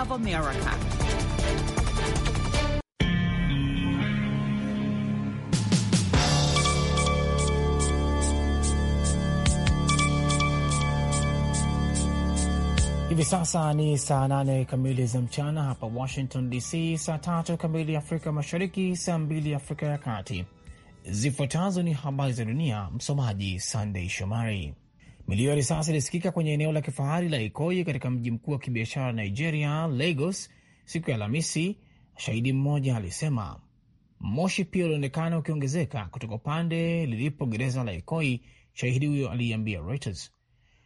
of America. Hivi sasa ni saa nane kamili za mchana hapa Washington DC, saa tatu kamili Afrika Mashariki, saa mbili Afrika ya Kati. Zifuatazo ni habari za dunia, msomaji Sandei Shomari. Milio ya risasi ilisikika kwenye eneo la kifahari la Ikoyi katika mji mkuu wa kibiashara Nigeria, Lagos, siku ya Alhamisi, shahidi mmoja alisema. Moshi pia ulionekana ukiongezeka kutoka upande lilipo gereza la Ikoyi, shahidi huyo aliiambia Reuters.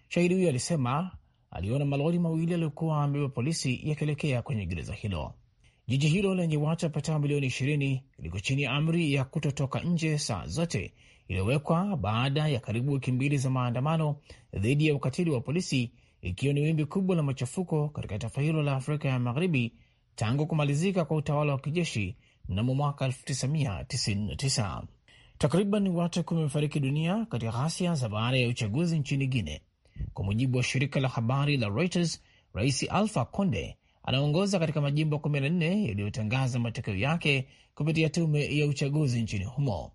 Shahidi huyo alisema aliona malori mawili yaliyokuwa amebeba polisi yakielekea kwenye gereza hilo. Jiji hilo lenye watu wapatao milioni 20 liko chini ya amri ya kutotoka nje saa zote iliyowekwa baada ya karibu wiki mbili za maandamano dhidi ya ukatili wa polisi, ikiwa ni wimbi kubwa la machafuko katika taifa hilo la Afrika ya Magharibi tangu kumalizika kwa utawala wa kijeshi mnamo mwaka 1999. Takriban watu kumi wamefariki dunia katika ghasia za baada ya uchaguzi nchini Guine, kwa mujibu wa shirika la habari la Reuters. Rais Alfa Conde anaongoza katika majimbo 14 yaliyotangaza matokeo yake kupitia tume ya uchaguzi nchini humo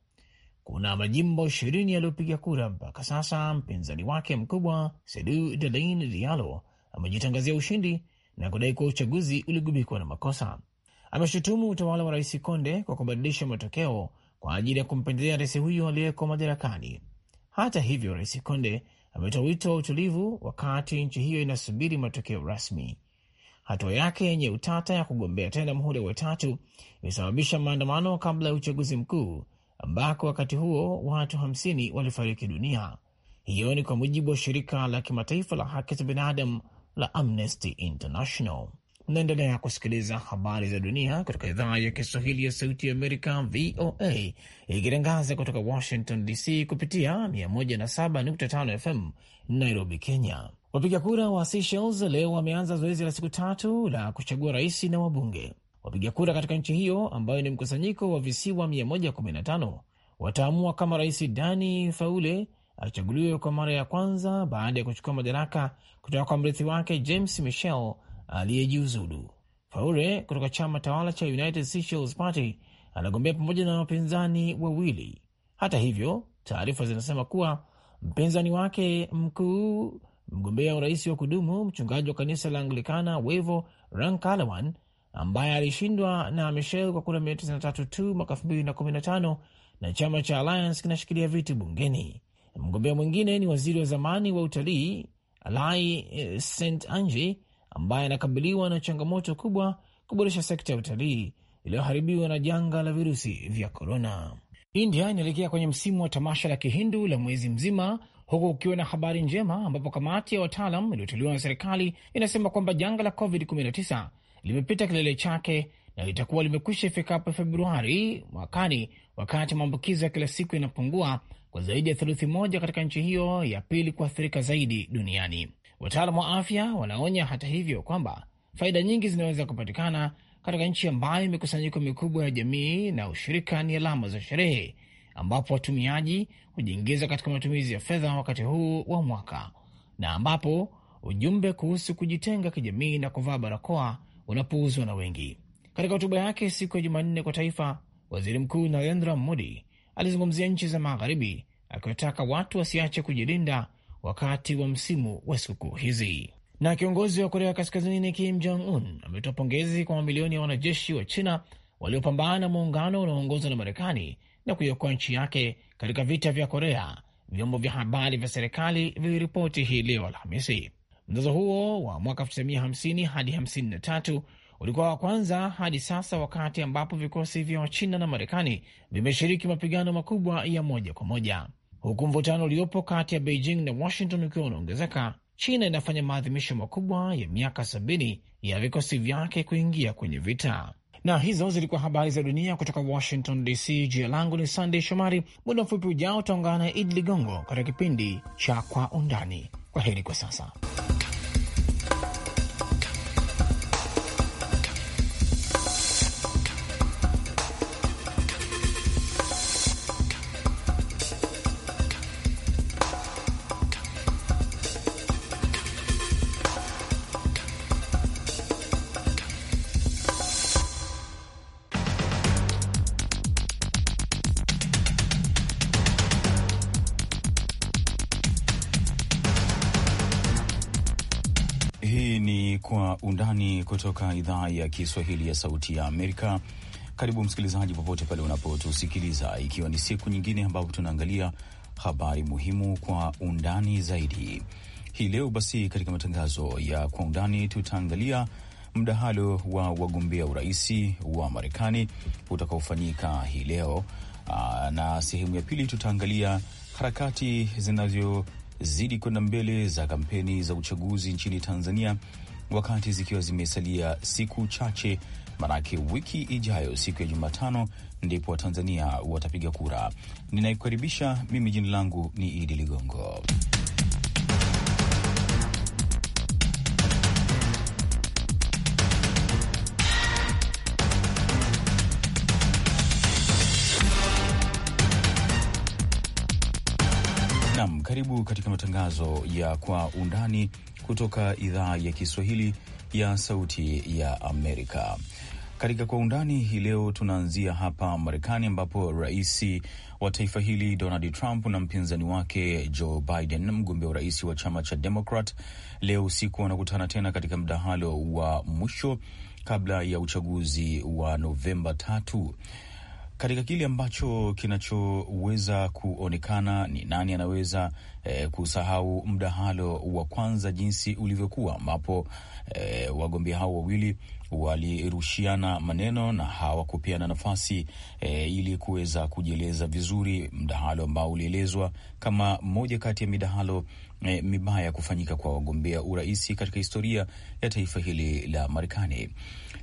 kuna majimbo ishirini yaliyopiga kura mpaka sasa. Mpinzani wake mkubwa Selu Delain Dialo amejitangazia ushindi na kudai kuwa uchaguzi uligubikwa na makosa. Ameshutumu utawala wa rais Konde kwa kubadilisha matokeo kwa ajili ya kumpendelea rais huyo aliyeko madarakani. Hata hivyo, rais Konde ametoa wito wa utulivu wakati nchi hiyo inasubiri matokeo rasmi. Hatua yake yenye utata ya kugombea tena muhula wa tatu imesababisha maandamano kabla ya uchaguzi mkuu ambako wakati huo watu 50 walifariki dunia. Hiyo ni kwa mujibu wa shirika la kimataifa la haki za binadamu la Amnesty International. naendelea kusikiliza habari za dunia kutoka idhaa ya Kiswahili ya Sauti ya Amerika, VOA, ikitangaza kutoka Washington DC kupitia 107.5 FM Nairobi, Kenya. Wapiga kura wa Seychelles leo wameanza zoezi la siku tatu la kuchagua rais na wabunge. Wapiga kura katika nchi hiyo ambayo ni mkusanyiko wa visiwa 115 wataamua kama rais Dani Faule achaguliwe kwa mara ya kwanza baada ya kuchukua madaraka kutoka kwa mrithi wake James Michel aliyejiuzulu. Faure kutoka chama tawala cha United Socialist Party anagombea pamoja na wapinzani wawili. Hata hivyo, taarifa zinasema kuwa mpinzani wake mkuu, mgombea urais wa kudumu, mchungaji wa kanisa la Anglikana Wevo Rankalawan ambaye alishindwa na Michel kwa kura 93 tu mwaka 2015 na chama cha Alliance kinashikilia viti bungeni. Mgombea mwingine ni waziri wa zamani wa utalii Alai eh, St Ange ambaye anakabiliwa na changamoto kubwa kuboresha sekta ya utalii iliyoharibiwa na janga la virusi vya korona. India inaelekea kwenye msimu wa tamasha la Kihindu la mwezi mzima huku kukiwa na habari njema ambapo kamati ya wataalam iliyoteuliwa na serikali inasema kwamba janga la COVID-19 limepita kilele chake na litakuwa limekwisha ifikapo Februari mwakani, wakati maambukizo ya kila siku yanapungua kwa zaidi ya theluthi moja katika nchi hiyo ya pili kuathirika zaidi duniani. wataalam wa afya wanaonya hata hivyo kwamba faida nyingi zinaweza kupatikana katika nchi ambayo mikusanyiko mikubwa ya jamii na ushirika ni alama za sherehe, ambapo watumiaji hujiingiza katika matumizi ya fedha wakati huu wa mwaka na ambapo ujumbe kuhusu kujitenga kijamii na kuvaa barakoa unapuuzwa na wengi. Katika hotuba yake siku ya Jumanne kwa taifa, waziri mkuu Narendra Modi alizungumzia nchi za magharibi, akiwataka watu wasiache kujilinda wakati wa msimu wa sikukuu hizi. Na kiongozi wa Korea Kaskazini Kim Jong Un ametoa pongezi kwa mamilioni ya wanajeshi wa China waliopambana na muungano unaoongozwa na Marekani na kuiokoa nchi yake katika vita vya Korea, vyombo vya habari vya serikali viliripoti hii leo Alhamisi. Mzozo huo wa mwaka 1950 hadi 53 ulikuwa wa kwanza hadi sasa wakati ambapo vikosi vya Wachina na Marekani vimeshiriki mapigano makubwa ya moja kwa moja, huku mvutano uliopo kati ya Beijing na Washington ukiwa unaongezeka. China inafanya maadhimisho makubwa ya miaka 70 ya vikosi vyake kuingia kwenye vita. Na hizo zilikuwa habari za dunia kutoka Washington DC. Jina langu ni Sandey Shomari. Muda mfupi ujao utaungana na Idi Ligongo katika kipindi cha Kwa Undani. Kwa heri kwa sasa. kutoka idhaa ya Kiswahili ya Sauti ya Amerika. Karibu msikilizaji, popote pale unapotusikiliza, ikiwa ni siku nyingine ambapo tunaangalia habari muhimu kwa undani zaidi hii leo. Basi katika matangazo ya kwa undani tutaangalia mdahalo wa wagombea uraisi wa Marekani utakaofanyika hii leo na sehemu ya pili tutaangalia harakati zinazozidi kwenda mbele za kampeni za uchaguzi nchini Tanzania wakati zikiwa zimesalia siku chache, manake wiki ijayo, siku ya Jumatano, ndipo Watanzania watapiga kura. Ninaikukaribisha, mimi jina langu ni Idi Ligongo. Karibu katika matangazo ya Kwa Undani kutoka idhaa ya Kiswahili ya Sauti ya Amerika. Katika Kwa Undani hii leo tunaanzia hapa Marekani, ambapo rais wa taifa hili Donald Trump na mpinzani wake Joe Biden, mgombea urais wa chama cha Demokrat, leo usiku wanakutana tena katika mdahalo wa mwisho kabla ya uchaguzi wa Novemba tatu katika kile ambacho kinachoweza kuonekana ni nani anaweza e, kusahau mdahalo wa kwanza jinsi ulivyokuwa, ambapo e, wagombea hao wawili walirushiana maneno na hawakupeana nafasi e, ili kuweza kujieleza vizuri, mdahalo ambao ulielezwa kama moja kati ya midahalo e, mibaya kufanyika kwa wagombea urais katika historia ya taifa hili la Marekani.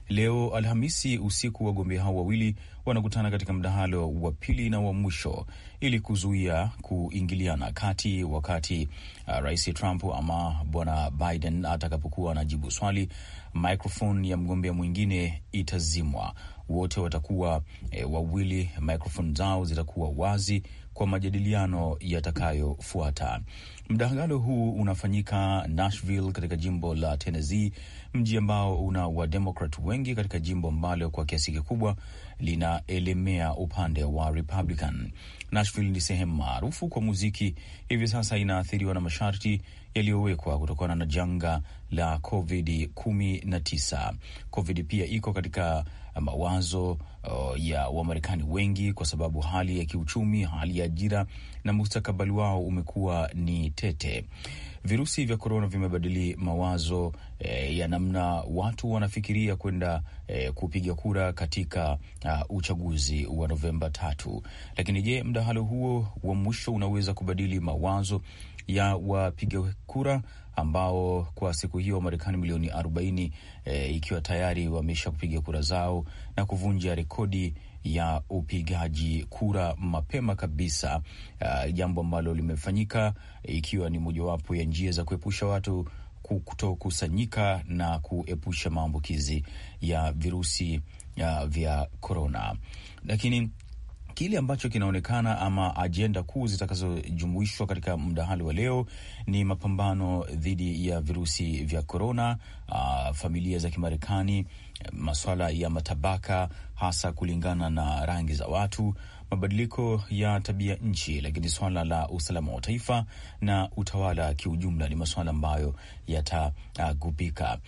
Leo Alhamisi usiku wagombea hao wawili wanakutana katika mdahalo wa pili na wa mwisho ili kuzuia kuingiliana kati wakati uh, Rais Trump ama Bwana Biden atakapokuwa anajibu swali, microphone ya mgombea mwingine itazimwa. Wote watakuwa e, wawili, microphone zao zitakuwa wazi kwa majadiliano yatakayofuata. Mdahalo huu unafanyika Nashville katika jimbo la Tennessee, mji ambao una Wademokrat wengi katika jimbo ambalo kwa kiasi kikubwa linaelemea upande wa Republican. Nashville ni sehemu maarufu kwa muziki, hivi sasa inaathiriwa na masharti yaliyowekwa kutokana na janga la COVID 19. COVID pia iko katika Eh, mawazo eh, ya Wamarekani wengi, kwa sababu hali ya kiuchumi, hali ya ajira na mustakabali wao umekuwa ni tete. Virusi vya korona vimebadili mawazo e, ya namna watu wanafikiria kwenda e, kupiga kura katika uh, uchaguzi wa Novemba tatu. Lakini je, mdahalo huo wa mwisho unaweza kubadili mawazo ya wapiga kura ambao kwa siku hiyo Wamarekani milioni 40 e, ikiwa tayari wamesha kupiga kura zao na kuvunja rekodi ya upigaji kura mapema kabisa, uh, jambo ambalo limefanyika ikiwa ni mojawapo ya njia za kuepusha watu kutokusanyika na kuepusha maambukizi ya virusi uh, vya korona. Lakini Kile ambacho kinaonekana ama ajenda kuu zitakazojumuishwa katika mdahalo wa leo ni mapambano dhidi ya virusi vya korona, ah, familia za Kimarekani, maswala ya matabaka, hasa kulingana na rangi za watu, mabadiliko ya tabia nchi, lakini swala la usalama wa taifa na utawala kiujumla ni masuala ambayo yatagubika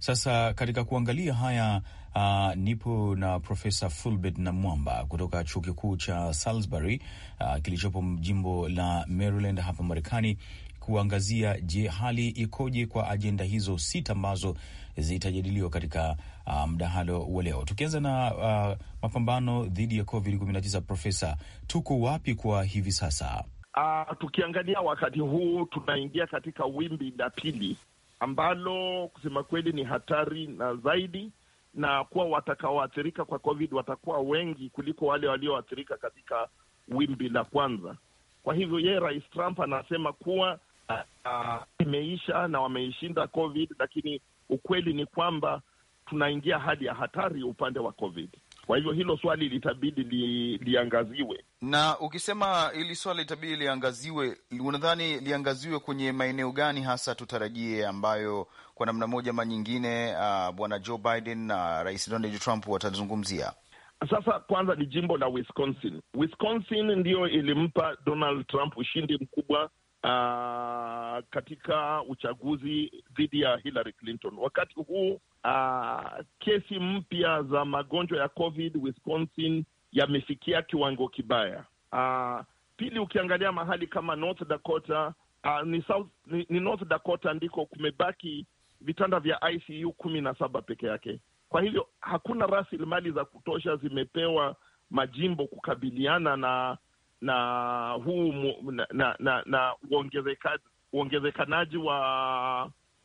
sasa katika kuangalia haya Uh, nipo na Profesa Fulbert Namwamba kutoka chuo kikuu cha Salisbury uh, kilichopo jimbo la Maryland hapa Marekani kuangazia je, hali ikoje kwa ajenda hizo sita ambazo zitajadiliwa katika uh, mdahalo wa leo. Tukianza na uh, mapambano dhidi ya Covid 19, Profesa, tuko wapi kwa hivi sasa? Uh, tukiangalia wakati huu tunaingia katika wimbi la pili ambalo kusema kweli ni hatari na zaidi na kuwa watakaoathirika kwa COVID watakuwa wengi kuliko wale walioathirika katika wimbi la kwanza. Kwa hivyo yeye Rais Trump anasema kuwa uh, imeisha na wameishinda COVID, lakini ukweli ni kwamba tunaingia hali ya hatari upande wa COVID. Kwa hivyo hilo swali litabidi li, liangaziwe. Na ukisema hili swali litabidi liangaziwe, unadhani liangaziwe kwenye maeneo gani hasa tutarajie ambayo kwa namna moja ama nyingine, uh, bwana Joe Biden na uh, rais Donald Trump watazungumzia? Sasa kwanza ni jimbo la Wisconsin. Wisconsin ndiyo ilimpa Donald Trump ushindi mkubwa Uh, katika uchaguzi dhidi ya Hillary Clinton. Wakati huu uh, kesi mpya za magonjwa ya COVID Wisconsin yamefikia kiwango kibaya. Uh, pili, ukiangalia mahali kama North Dakota, uh, ni, South, ni, ni North Dakota ndiko kumebaki vitanda vya ICU kumi na saba peke yake. Kwa hivyo hakuna rasilimali za kutosha zimepewa majimbo kukabiliana na na huu na, na, na, na uongezeka, uongezekanaji wa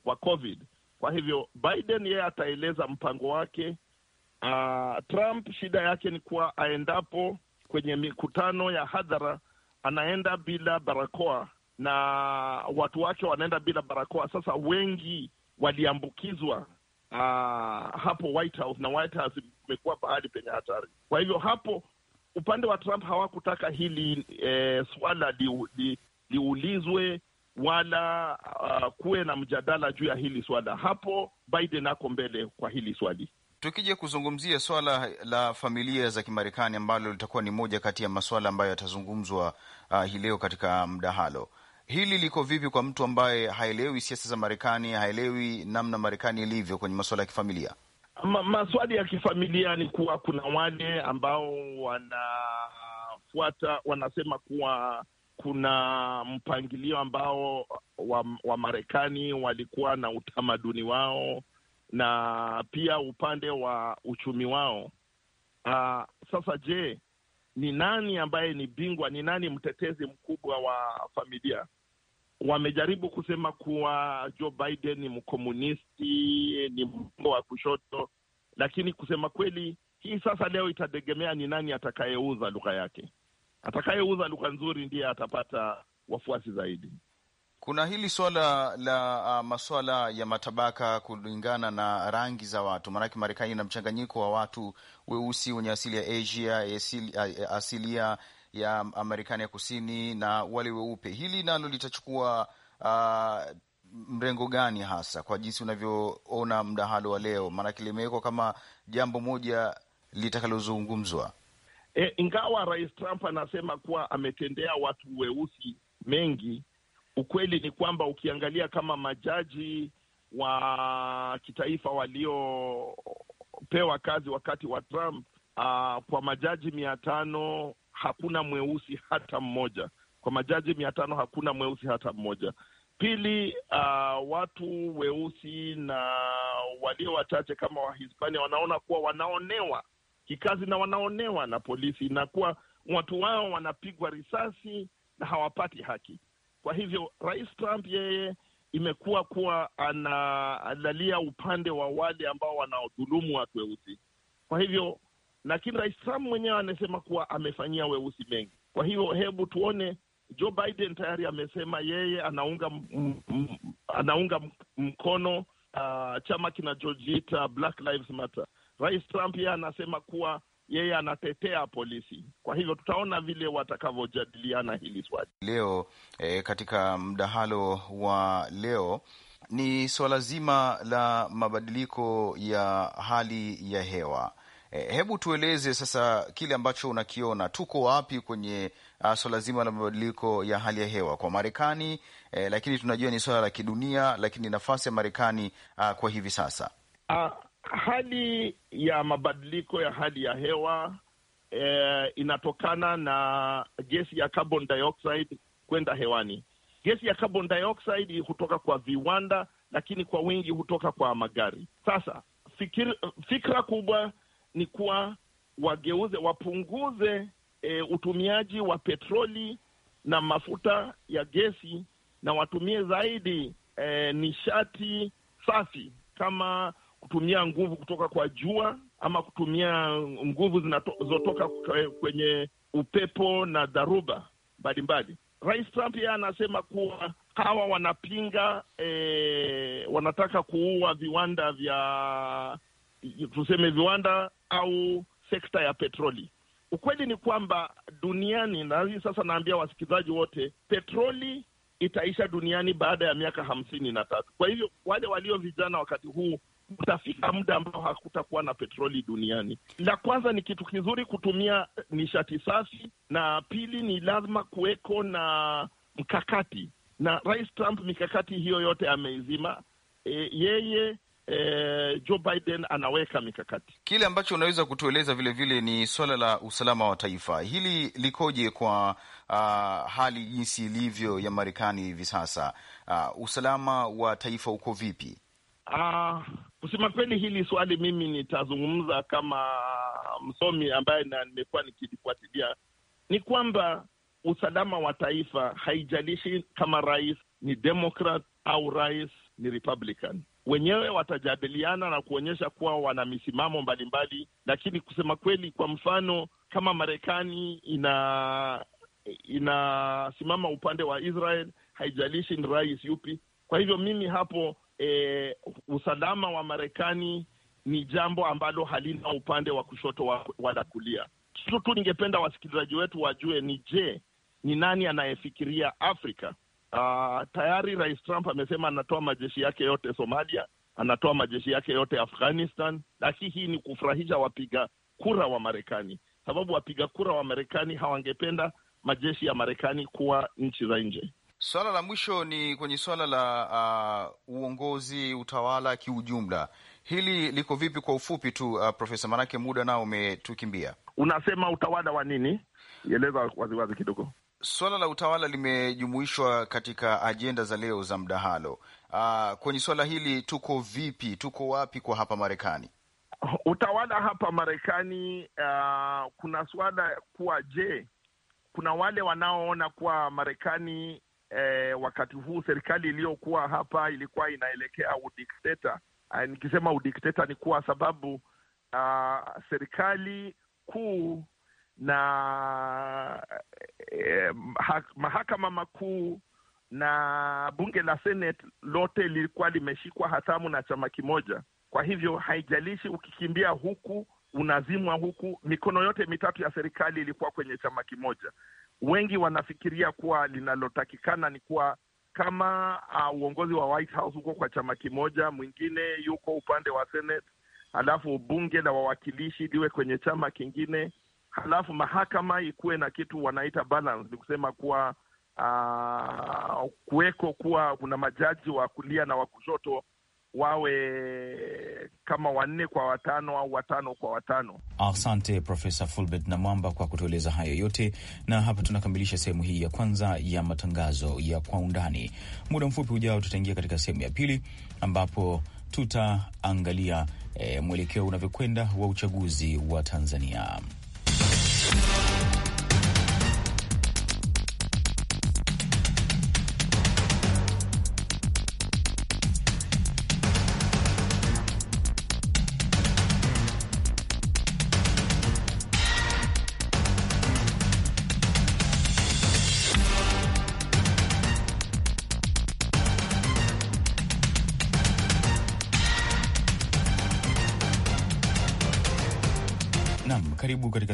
wa COVID. Kwa hivyo Biden yeye ataeleza mpango wake. Uh, Trump shida yake ni kuwa aendapo kwenye mikutano ya hadhara anaenda bila barakoa na watu wake wanaenda bila barakoa. Sasa wengi waliambukizwa Uh, hapo White House na White House imekuwa pahali penye hatari. Kwa hivyo hapo upande wa Trump hawakutaka hili eh, swala liulizwe li, wala uh, kuwe na mjadala juu ya hili swala. Hapo Biden ako mbele kwa hili swali. Tukija kuzungumzia swala la familia za Kimarekani ambalo litakuwa ni moja kati ya masuala ambayo yatazungumzwa uh, hii leo katika mdahalo Hili liko vipi kwa mtu ambaye haelewi siasa za Marekani, haelewi namna Marekani ilivyo kwenye masuala ya kifamilia? Ma, maswali ya kifamilia ni kuwa kuna wale ambao wanafuata, wanasema kuwa kuna mpangilio ambao wa, wa Marekani walikuwa na utamaduni wao na pia upande wa uchumi wao. Aa, ah, sasa je, ni nani ambaye ni bingwa, ni nani mtetezi mkubwa wa familia. Wamejaribu kusema kuwa Joe Biden ni mkomunisti, ni mrengo wa kushoto, lakini kusema kweli, hii sasa leo itategemea ni nani atakayeuza lugha yake. Atakayeuza lugha nzuri ndiye atapata wafuasi zaidi. Kuna hili swala la uh, maswala ya matabaka kulingana na rangi za watu, maanake Marekani ina mchanganyiko wa watu weusi wenye asili ya Asia, asilia ya Marekani ya kusini na wale weupe. Hili nalo litachukua uh, mrengo gani hasa kwa jinsi unavyoona mdahalo wa leo? Maanake limewekwa kama jambo moja litakalozungumzwa, e, ingawa Rais Trump anasema kuwa ametendea watu weusi mengi ukweli ni kwamba ukiangalia kama majaji wa kitaifa waliopewa kazi wakati wa Trump, uh, kwa majaji mia tano hakuna mweusi hata mmoja. Kwa majaji mia tano hakuna mweusi hata mmoja. Pili, uh, watu weusi na walio wachache kama Wahispania wanaona kuwa wanaonewa kikazi na wanaonewa na polisi na kuwa watu wao wanapigwa risasi na hawapati haki. Kwa hivyo Rais Trump yeye imekuwa kuwa analalia upande wa wale ambao wanaodhulumu watu weusi. Kwa hivyo, lakini Rais Trump mwenyewe anasema kuwa amefanyia weusi mengi. Kwa hivyo, hebu tuone. Joe Biden tayari amesema yeye anaunga anaunga mkono uh, chama kinachojiita Black Lives Matter. Rais Trump yeye anasema kuwa yeye anatetea polisi. Kwa hivyo tutaona vile watakavyojadiliana hili swali leo. E, katika mdahalo wa leo ni swala zima la mabadiliko ya hali ya hewa. E, hebu tueleze sasa kile ambacho unakiona, tuko wapi kwenye uh, zima la mabadiliko ya hali ya hewa kwa Marekani? E, lakini tunajua ni swala la kidunia, lakini nafasi ya Marekani uh, kwa hivi sasa ah, hali ya mabadiliko ya hali ya hewa eh, inatokana na gesi ya carbon dioxide kwenda hewani. Gesi ya carbon dioxide hutoka kwa viwanda, lakini kwa wingi hutoka kwa magari. Sasa fikir, fikra kubwa ni kuwa wageuze, wapunguze e, utumiaji wa petroli na mafuta ya gesi na watumie zaidi e, nishati safi kama kutumia nguvu kutoka kwa jua ama kutumia nguvu zinazotoka kwenye upepo na dharuba mbalimbali. Rais Trump yeye anasema kuwa hawa wanapinga e, wanataka kuua viwanda vya tuseme viwanda au sekta ya petroli. Ukweli ni kwamba duniani, na hii sasa naambia wasikilizaji wote, petroli itaisha duniani baada ya miaka hamsini na tatu. Kwa hivyo wale walio vijana wakati huu utafika muda ambao hakutakuwa na petroli duniani. La kwanza ni kitu kizuri kutumia nishati safi, na pili ni lazima kuweko na mkakati, na Rais Trump mikakati hiyo yote ameizima. E, yeye e, Joe Biden anaweka mikakati. Kile ambacho unaweza kutueleza vilevile vile ni swala la usalama wa taifa, hili likoje kwa uh, hali jinsi ilivyo ya Marekani hivi sasa? Uh, usalama wa taifa uko vipi? Uh, Kusema kweli, hili swali mimi nitazungumza kama msomi ambaye na nimekuwa nikilifuatilia, ni kwamba usalama wa taifa haijalishi kama rais ni Democrat au rais ni Republican, wenyewe watajadiliana na kuonyesha kuwa wana misimamo mbalimbali, lakini kusema kweli, kwa mfano kama Marekani ina inasimama upande wa Israel, haijalishi ni rais yupi. Kwa hivyo mimi hapo e, usalama wa Marekani ni jambo ambalo halina upande wa kushoto wa, wala kulia. Tu tu ningependa wasikilizaji wetu wajue ni je, ni nani anayefikiria Afrika? Uh, tayari Rais Trump amesema anatoa majeshi yake yote Somalia, anatoa majeshi yake yote Afghanistan, lakini hii ni kufurahisha wapiga kura wa Marekani, sababu wapiga kura wa Marekani hawangependa majeshi ya Marekani kuwa nchi za nje. Swala la mwisho ni kwenye swala la uh, uongozi utawala kiujumla, hili liko vipi kwa ufupi tu uh, Profesa, maanake muda nao umetukimbia. Unasema utawala wa nini? Eleza waziwazi kidogo. Swala la utawala limejumuishwa katika ajenda za leo za mdahalo. Uh, kwenye swala hili tuko vipi? Tuko wapi kwa hapa Marekani? Utawala hapa Marekani, uh, kuna swala kuwa je, kuna wale wanaoona kuwa Marekani eh, wakati huu serikali iliyokuwa hapa ilikuwa inaelekea udikteta. Uh, nikisema udikteta ni kuwa sababu uh, serikali kuu na eh, eh, mahakama makuu na bunge la Senate lote lilikuwa limeshikwa hatamu na chama kimoja. Kwa hivyo haijalishi ukikimbia huku unazimwa huku, mikono yote mitatu ya serikali ilikuwa kwenye chama kimoja wengi wanafikiria kuwa linalotakikana ni kuwa kama uh, uongozi wa White House uko kwa chama kimoja, mwingine yuko upande wa Senate, halafu bunge la wawakilishi liwe kwenye chama kingine, halafu mahakama ikuwe na kitu wanaita balance, ni kusema kuwa uh, kuweko kuwa kuna majaji wa kulia na wa kushoto wawe kama wanne kwa watano au watano kwa watano. Asante Profesa Fulbert Namwamba kwa kutueleza hayo yote, na hapa tunakamilisha sehemu hii ya kwanza ya matangazo ya Kwa Undani. Muda mfupi ujao, tutaingia katika sehemu ya pili ambapo tutaangalia e, mwelekeo unavyokwenda wa uchaguzi wa Tanzania.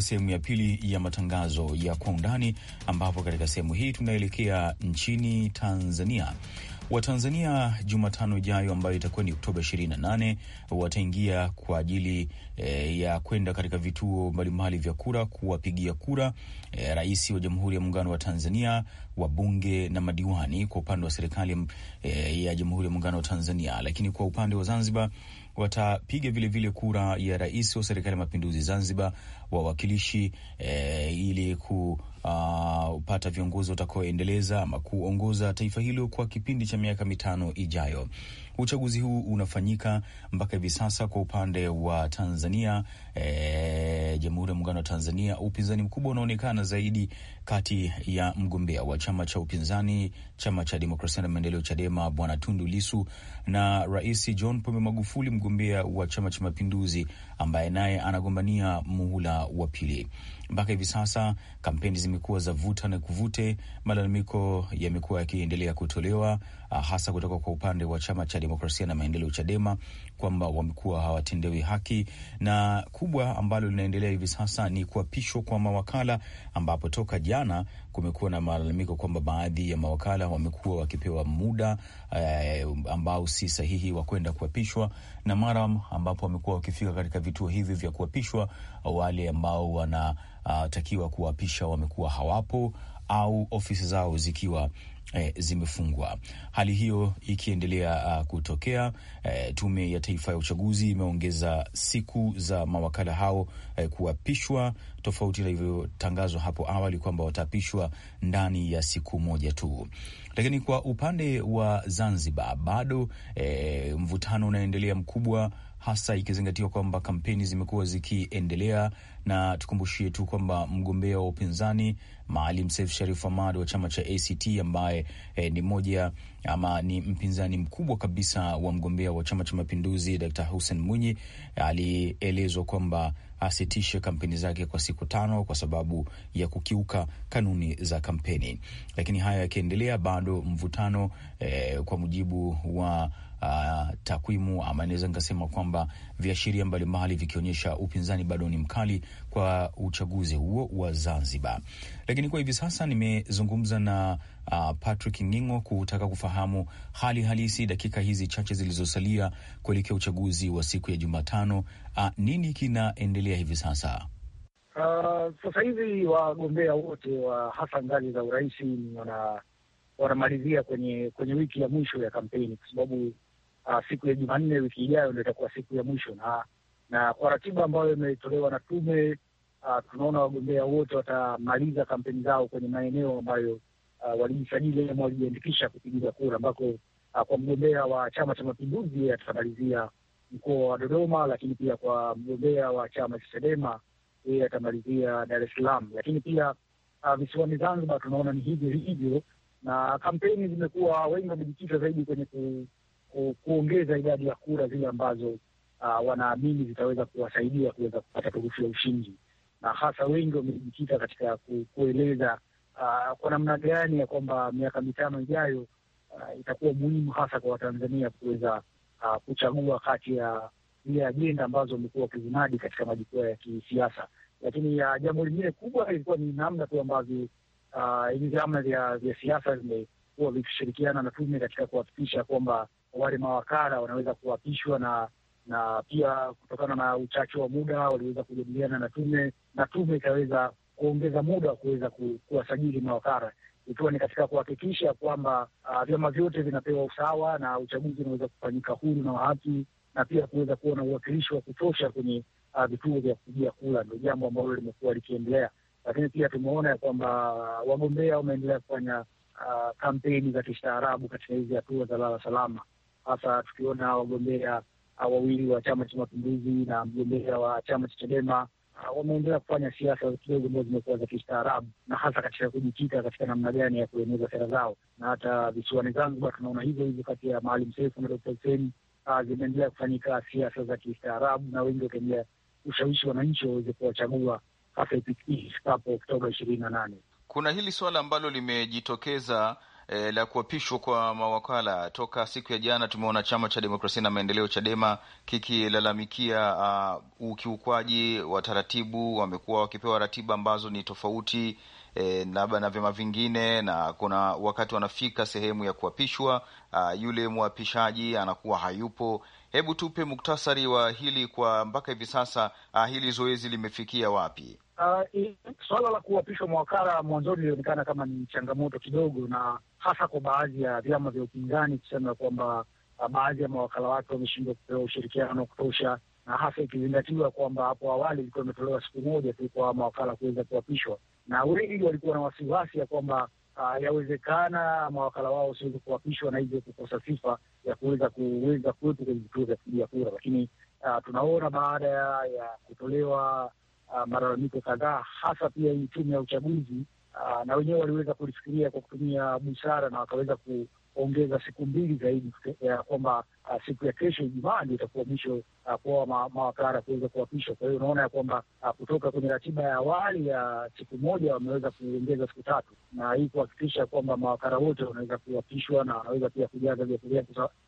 sehemu ya pili ya matangazo ya kwa undani, ambapo katika sehemu hii tunaelekea nchini Tanzania. Watanzania Jumatano ijayo ambayo itakuwa ni Oktoba 28 wataingia kwa ajili e, ya kwenda katika vituo mbalimbali vya kura kuwapigia kura e, rais wa Jamhuri ya Muungano wa Tanzania, wabunge na madiwani kwa upande wa serikali e, ya Jamhuri ya Muungano wa Tanzania. Lakini kwa upande wa Zanzibar watapiga vilevile kura ya rais wa serikali ya mapinduzi Zanzibar, wawakilishi e, ili ku uh, uh, viongozi watakaoendeleza ama kuongoza taifa hilo kwa kipindi cha miaka mitano ijayo. Uchaguzi huu unafanyika mpaka hivi sasa kwa upande wa Tanzania, e, Jamhuri ya Muungano wa Tanzania, upinzani mkubwa unaonekana zaidi kati ya mgombea wa chama cha upinzani chama cha Demokrasia na Maendeleo, Chadema, Bwana Tundu Lisu na Rais John Pombe Magufuli, mgombea wa Chama cha Mapinduzi ambaye naye anagombania muhula wa pili. Mpaka hivi sasa Kampeni zimekuwa za vuta na kuvute, malalamiko yamekuwa yakiendelea kutolewa uh, hasa kutoka kwa upande wa chama cha demokrasia na maendeleo Chadema kwamba wamekuwa hawatendewi haki, na kubwa ambalo linaendelea hivi sasa ni kuapishwa kwa mawakala, ambapo toka jana kumekuwa na malalamiko kwamba baadhi ya mawakala wamekuwa wakipewa muda eh, ambao si sahihi wa kwenda kuapishwa, na mara ambapo wamekuwa wakifika katika vituo hivi vya kuapishwa, wale ambao wanatakiwa uh, kuapishwa kuhakikisha wamekuwa hawapo au ofisi zao zikiwa E, zimefungwa. Hali hiyo ikiendelea uh, kutokea e, Tume ya Taifa ya Uchaguzi imeongeza siku za mawakala hao e, kuapishwa tofauti na ilivyotangazwa hapo awali kwamba wataapishwa ndani ya siku moja tu. Lakini kwa upande wa Zanzibar bado e, mvutano unaendelea mkubwa hasa ikizingatiwa kwamba kampeni zimekuwa zikiendelea, na tukumbushie tu kwamba mgombea wa upinzani Maalim Seif Sharif Hamad wa chama cha ACT ambaye eh, ni moja ama ni mpinzani mkubwa kabisa wa mgombea wa Chama cha Mapinduzi Dr. Hussein Mwinyi alielezwa kwamba asitishe kampeni zake kwa siku tano kwa sababu ya kukiuka kanuni za kampeni. Lakini haya yakiendelea, bado mvutano eh, kwa mujibu wa uh, takwimu ama inaweza nikasema kwamba viashiria mbalimbali vikionyesha upinzani bado ni mkali kwa uchaguzi huo wa Zanzibar. Lakini kwa hivi sasa nimezungumza na uh, Patrick Ngingo kutaka kufahamu hali halisi dakika hizi chache zilizosalia kuelekea uchaguzi wa siku ya Jumatano. Uh, nini kinaendelea hivi sasa? Uh, sasa hivi wagombea wote wa hasa ngazi za urais wana wanamalizia kwenye kwenye wiki ya mwisho ya kampeni, kwa sababu uh, siku ya Jumanne wiki ijayo ndio itakuwa siku ya mwisho, na na kwa ratiba ambayo imetolewa na tume uh, tunaona wagombea wote watamaliza kampeni zao kwenye maeneo ambayo uh, walijisajili ama walijiandikisha kupigiza kura, ambako uh, kwa mgombea wa Chama cha Mapinduzi atamalizia mkoa wa Dodoma, lakini pia kwa mgombea wa chama cha Chadema yeye atamalizia Dar es Salaam, lakini pia uh, visiwani Zanzibar tunaona ni hivyo hivyo, na kampeni zimekuwa wengi wamejikita zaidi kwenye ku ku, kuongeza idadi ya kura zile ambazo uh, wanaamini zitaweza kuwasaidia kuweza kupata turufu ya ushindi, na hasa wengi wamejikita katika ku, kueleza uh, kwa namna gani ya kwamba miaka mitano ijayo uh, itakuwa muhimu hasa kwa Watanzania kuweza uh, kuchagua kati ya zile ajenda ambazo wamekuwa wakizinadi katika majukwaa ya kisiasa. Lakini uh, jambo lingine kubwa ilikuwa ni namna tu ambavyo hivi uh, vyama vya siasa vimekuwa vikishirikiana na tume katika kuhakikisha kwamba wale mawakala wanaweza kuapishwa na na pia kutokana na uchache wa muda waliweza kujadiliana na tume na tume ikaweza kuongeza muda wa kuweza kuwasajili mawakala, ikiwa ni katika kuhakikisha kwamba uh, vyama vyote vinapewa usawa na uchaguzi unaweza kufanyika huru na wahaki na pia kuweza kuwa na uwakilishi wa kutosha kwenye uh, vituo vya kupigia kura, ndio jambo ambalo limekuwa likiendelea. Lakini pia tumeona ya kwamba ah, wagombea wameendelea kufanya uh, kampeni za kistaarabu katika hizi hatua za lala salama hasa tukiona wagombea ah, wawili wa Chama cha Mapinduzi na mgombea wa chama cha Chadema ah, wameendelea kufanya siasa kidogo ambazo zimekuwa za kistaarabu na hasa katika kujikita katika namna gani ya kueneza sera zao, na hata visiwani Zanzibar tunaona hivyo hivyo kati ya Maalim Seif na Dokta huseni ah, zimeendelea kufanyika siasa za kistaarabu, na wengi wakiendelea ushawishi wananchi waweze kuwachagua hasa ifikapo Oktoba ishirini na nane. Kuna hili suala ambalo limejitokeza e, la kuapishwa kwa mawakala toka siku ya jana, tumeona chama cha demokrasia na maendeleo Chadema kikilalamikia uh, ukiukwaji wa taratibu. Wamekuwa wakipewa ratiba ambazo ni tofauti labda e, na vyama vingine, na kuna wakati wanafika sehemu ya kuapishwa, uh, yule mwapishaji anakuwa hayupo. Hebu tupe muktasari wa hili kwa mpaka hivi sasa, uh, hili zoezi limefikia wapi? Uh, swala la kuapishwa mwakala mwanzoni lilionekana kama ni changamoto kidogo, na hasa kwa baadhi ya vyama vya upinzani kusema kwamba uh, baadhi ya mawakala wake wameshindwa kupewa ushirikiano wa kutosha, na hasa ikizingatiwa kwamba hapo awali ilikuwa imetolewa siku moja tu kwa mawakala kuweza kuapishwa, na wengi walikuwa na wasiwasi ya kwamba Uh, yawezekana mawakala wao wasiweze kuapishwa na hivyo kukosa sifa ya kuweza kuweza kuwepo kwenye vituo vya kupiga kura, lakini uh, tunaona baada ya kutolewa uh, malalamiko kadhaa, hasa pia hii tume ya uchaguzi Ah, na wenyewe waliweza kulifikiria kwa kutumia busara na wakaweza kuongeza siku mbili zaidi ya eh, kwamba ah, siku ya kesho Ijumaa ndio itakuwa mwisho ah, kwa ma, mawakala kuweza kuapishwa. Kwa hiyo unaona ya kwamba kutoka kwenye ratiba ya awali ya siku moja wameweza kuongeza siku tatu, na hii kuhakikisha kwamba mawakala wote wanaweza kuapishwa na wanaweza pia kujaza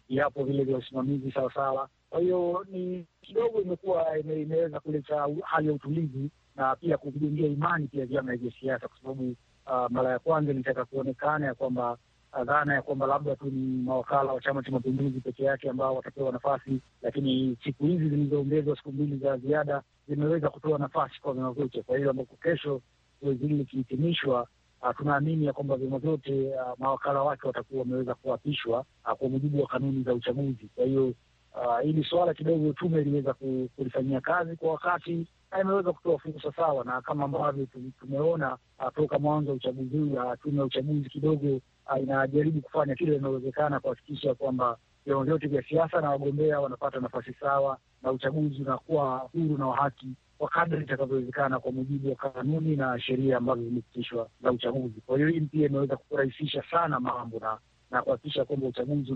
viapo vile vya usimamizi sawasawa. Kwa hiyo ni kidogo imekuwa imeweza kuleta hali ya utulivu na pia kuvijengea imani pia vyama hivyo siasa, kwa sababu uh, mara ya kwanza ilitaka kuonekana ya kwamba uh, dhana ya kwamba labda tu ni mawakala wa Chama cha Mapinduzi peke yake ambao watapewa nafasi, lakini siku hizi zilizoongezwa siku mbili za ziada zimeweza kutoa nafasi kwa vyama vyote. Kwa hiyo ambapo kesho zoezi hili likihitimishwa, uh, tunaamini ya kwamba vyama vyote mawakala wake watakuwa wameweza kuapishwa kwa mujibu wa kanuni za uchaguzi. Kwa hiyo uh, ah, ili suala kidogo tume iliweza kulifanyia kazi kwa wakati na imeweza kutoa fursa sawa, na kama ambavyo tumeona uh, toka mwanzo wa uchaguzi huu uh, tume ya uchaguzi kidogo uh, inajaribu kufanya kile inawezekana kuhakikisha kwamba vyama vyote vya siasa na wagombea wanapata nafasi sawa na uchaguzi unakuwa huru na wa haki kwa kadri itakavyowezekana kwa mujibu wa kanuni na sheria ambazo zimepitishwa za uchaguzi. Kwa hiyo hii pia imeweza kurahisisha sana mambo na na kuhakikisha kwamba uchaguzi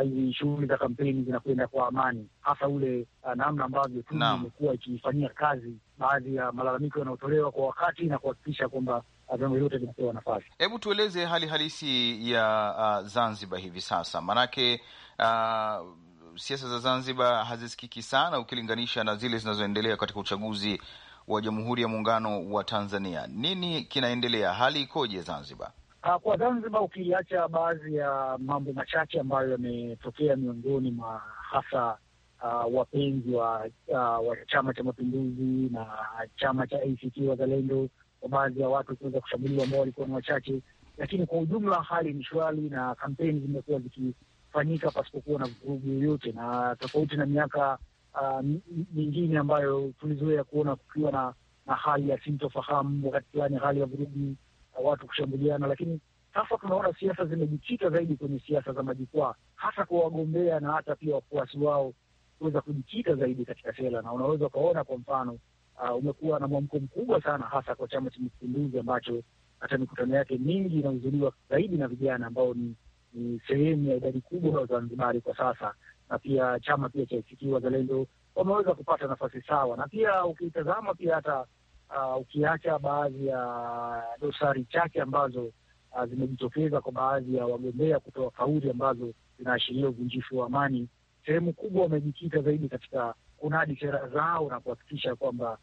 hizi shughuli za kampeni zinakwenda kwa amani, hasa ule uh, namna ambavyo tume imekuwa ikifanyia kazi baadhi ya malalamiko yanayotolewa kwa wakati na kuhakikisha kwamba uh, vyombo vyote vinapewa nafasi. Hebu tueleze hali halisi ya uh, Zanzibar hivi sasa, maanake uh, siasa za Zanzibar hazisikiki sana ukilinganisha na zile zinazoendelea katika uchaguzi wa Jamhuri ya Muungano wa Tanzania. Nini kinaendelea? Hali ikoje Zanzibar? Ah, kwa Zanzibar, ukiacha baadhi ya mambo machache ambayo yametokea miongoni mwa hasa uh, wapenzi wa, uh, wa Chama cha Mapinduzi na chama cha ACT Wazalendo, kwa baadhi ya watu kuweza kushambuliwa ambao walikuwa ni wachache, lakini kwa ujumla hali ni shwari na kampeni zimekuwa zikifanyika pasipokuwa na vurugu yoyote, na tofauti na miaka mingine ambayo tulizoea kuona kukiwa na, na hali ya sintofahamu, wakati fulani hali ya vurugu watu kushambuliana, lakini sasa tunaona siasa zimejikita zaidi kwenye siasa za majukwaa, hasa kwa wagombea na hata pia wafuasi wao kuweza kujikita zaidi katika sera, na unaweza ukaona kwa mfano uh, umekuwa na mwamko mkubwa sana hasa kwa Chama cha Mapinduzi ambacho hata mikutano yake mingi inahudhuriwa zaidi na vijana ambao ni, ni sehemu ya idadi kubwa ya Wazanzibari kwa sasa, na pia chama pia cha ACT Wazalendo wameweza kupata nafasi sawa, na pia ukitazama pia hata uh, ukiacha baadhi ya dosari chache ambazo uh, zimejitokeza kwa baadhi ya wagombea kutoa kauli ambazo zinaashiria uvunjifu wa amani, sehemu kubwa wamejikita zaidi katika kunadi sera zao na kuhakikisha kwamba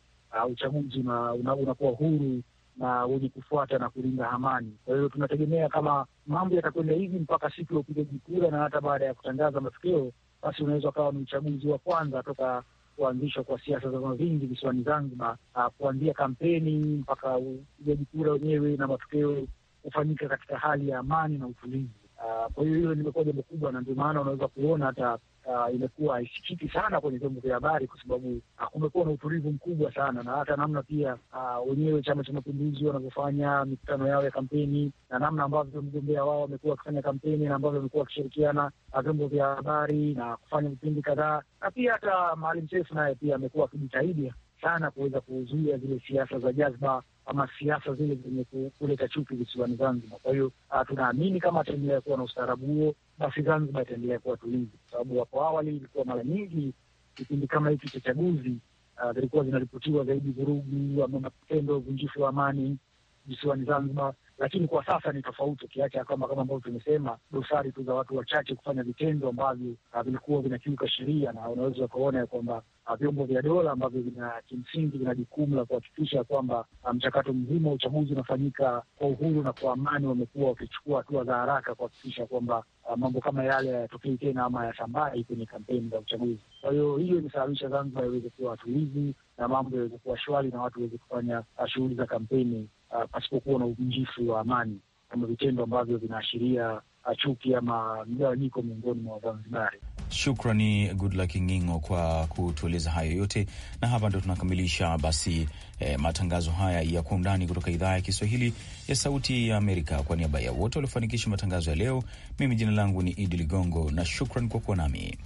uh, uchaguzi unakuwa una, una huru na wenye kufuata na kulinda amani. Kwa hiyo tunategemea kama mambo yatakwenda hivi mpaka siku ya upigaji kura na hata baada ya kutangaza matokeo, basi unaweza ukawa ni uchaguzi wa kwanza toka kuanzishwa kwa siasa za vingi visiwani Zanzibar, ah, kuanzia kampeni mpaka upigaji kura wenyewe na matokeo kufanyika katika hali ya amani na utulivu. Ah, kwa hiyo hilo limekuwa jambo kubwa, na ndio maana unaweza kuona hata uh, imekuwa haisikiki sana kwenye vyombo vya habari kwa sababu uh, kumekuwa na utulivu mkubwa sana, na hata namna pia uh, wenyewe Chama cha Mapinduzi wanavyofanya mikutano yao ya kampeni na namna ambavyo mgombea wao wamekuwa wakifanya kampeni na ambavyo wamekuwa wakishirikiana na vyombo vya habari na kufanya vipindi kadhaa, na pia hata Maalim Seif naye pia amekuwa akijitahidi sana kuweza kuzuia zile siasa za jazba ama siasa zile zenye kuleta chuki visiwani Zanzibar. Kwa hiyo ah, tunaamini kama ataendelea kuwa na ustaarabu huo, basi Zanzibar itaendelea kuwa tulivu, kwa sababu hapo awali ilikuwa mara nyingi kipindi kama hiki cha chaguzi ah, zilikuwa zinaripotiwa zaidi vurugu ama matendo ya uvunjifu wa amani visiwani Zanzibar lakini kwa sasa ni tofauti, ukiacha kwamba kama ambavyo tumesema, dosari tu za watu wachache kufanya vitendo ambavyo ah, vilikuwa vinakiuka sheria, na unaweza ukaona ya kwamba ah, vyombo vya dola ambavyo vina kimsingi vina jukumu la kuhakikisha kwamba ah, mchakato mzima wa uchaguzi unafanyika kwa uhuru na kwa amani, wamekuwa wakichukua hatua za haraka kuhakikisha kwamba mambo kama yale hayatokei tena ama yasambai kwenye kampeni za uchaguzi. Kwa hiyo hiyo imesababisha Zanzibar iweze kuwa watulivu na mambo yaweze kuwa shwari na watu waweze kufanya shughuli za kampeni uh, pasipokuwa na uvunjifu wa amani kama vitendo ambavyo vinaashiria uh, chuki ama mgawanyiko miongoni mwa Wazanzibari. Shukrani Goodluck Ngingo kwa kutueleza hayo yote, na hapa ndo tunakamilisha basi eh, matangazo haya ya Kwa Undani kutoka idhaa ya Kiswahili ya Sauti ya Amerika. Kwa niaba ya wote waliofanikisha matangazo ya leo, mimi jina langu ni Idi Ligongo na shukran kwa kuwa nami.